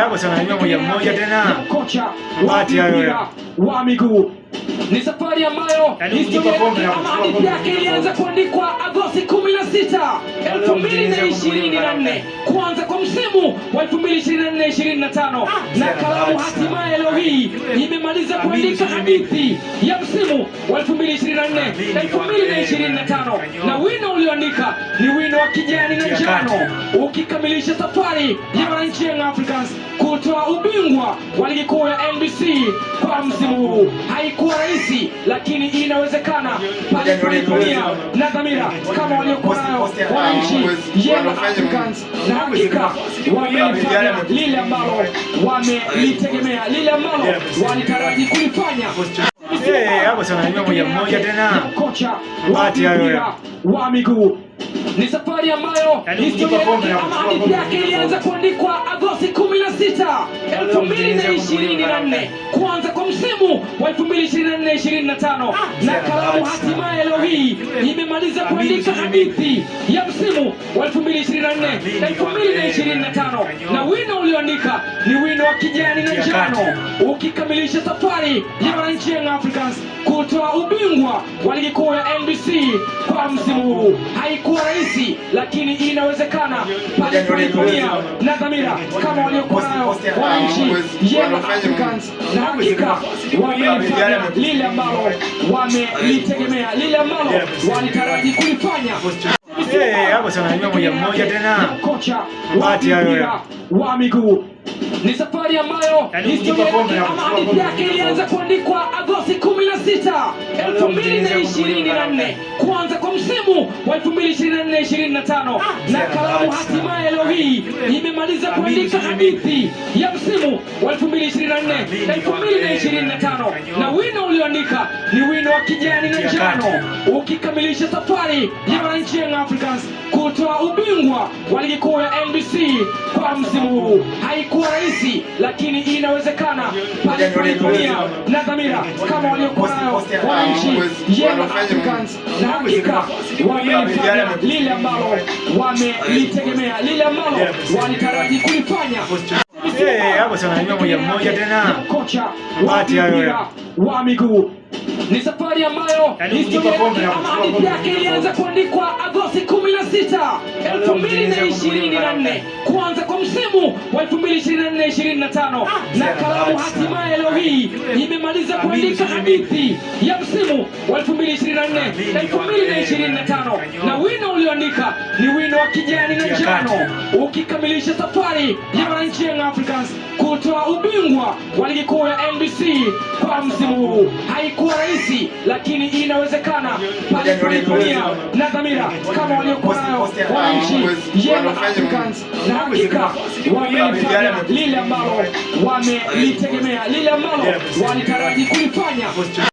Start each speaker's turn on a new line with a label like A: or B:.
A: hapo sana moja moja tena
B: bati hayo wa miguu ni safari ambayo yaani historia yake ilianza kuandikwa Agosti 16, 2024 kuanza kwa msimu wa 2024-2025 na ah, kalamu hatimaye leo yaani hii imemaliza kuandika hadithi ya msimu wa 2024-2025 na wino ulio kuandika ni wino wa kijani na njano ukikamilisha safari ya wananchi Young Africans kutoa ubingwa wa ligi kuu ya NBC kwa msimu huu. Haikuwa rahisi, lakini inawezekana pale tuliponia na dhamira kama waliokuwa nayo wananchi Young Africans, na hakika wamefanya lile ambalo wamelitegemea, lile ambalo walitaraji kulifanya.
A: Hey, hapo sana moja moja tena.
B: Kocha wa mpira ওয়ামিকু Ni safari ambayo historia yake ama hadithi yake ilianza kuandikwa Agosti 16, 2024 kuanza kwa msimu wa 2024-2025 ah. na kalamu hatimaye leo hii imemaliza kuandika hadithi ya msimu wa 2024-2025 na wino ulioandika ni wino wa kijani na njano ukikamilisha safari ya ah. wananchi Young Africans kutoa ubingwa wa ligi kuu ya NBC kwa msimu huu. Haikuwa rahisi rahisi, lakini inawezekana pale tunatumia na dhamira kama waliokuwa nayo ah, wananchi Yanga Africans, na hakika wamelifanya lile ambalo wamelitegemea, lile ambalo walitaraji kulifanya.
A: Hapo sana moja moja tena
B: kocha wa mpira wa miguu ni safari ambayo yaani historia kama hadithi yake ilianza kuandikwa Agosti 16, 2024 yaani kuanza kwa msimu wa 2024 25, na ah, kalamu hatimaye leo hii imemaliza kuandika hadithi ya msimu wa 2024 2025, na wino ulioandika ni wino wa kijani na njano, ukikamilisha safari ya ah. wananchi Young Africans kutoa ubingwa wa ligi kuu ya NBC kwa msimu huu. Haikuwa rahisi, lakini inawezekana pale kwa na dhamira kama waliokuwa nayo wananchi ah, Young Africans, na hakika wamefanya lile ambalo wamelitegemea, lile ambalo walitaraji kulifanya.
A: Hapo sana moja moja tena
B: kocha wa mpira wa miguu ni safari ambayo yaani historia ama hadithi yake ilianza kuandikwa Agosti 16, 2024 yaani kuanza kwa msimu wa 2024-2025 na ah, kalamu hatimaye leo yaani hii imemaliza kuandika hadithi ya msimu wa 2024-2025 na wino ulioandika ni wino wa kijani na njano, ukikamilisha safari ya wananchi Young Africans kutoa ubingwa wa ligi kuu ya NBC kwa msimu huu. Haikuwa rahisi, lakini inawezekana pale tulitumia na dhamira kama waliokuwa nayo wananchi Young Africans, na hakika wamelifanya lile ambalo wamelitegemea, lile ambalo walitaraji kulifanya.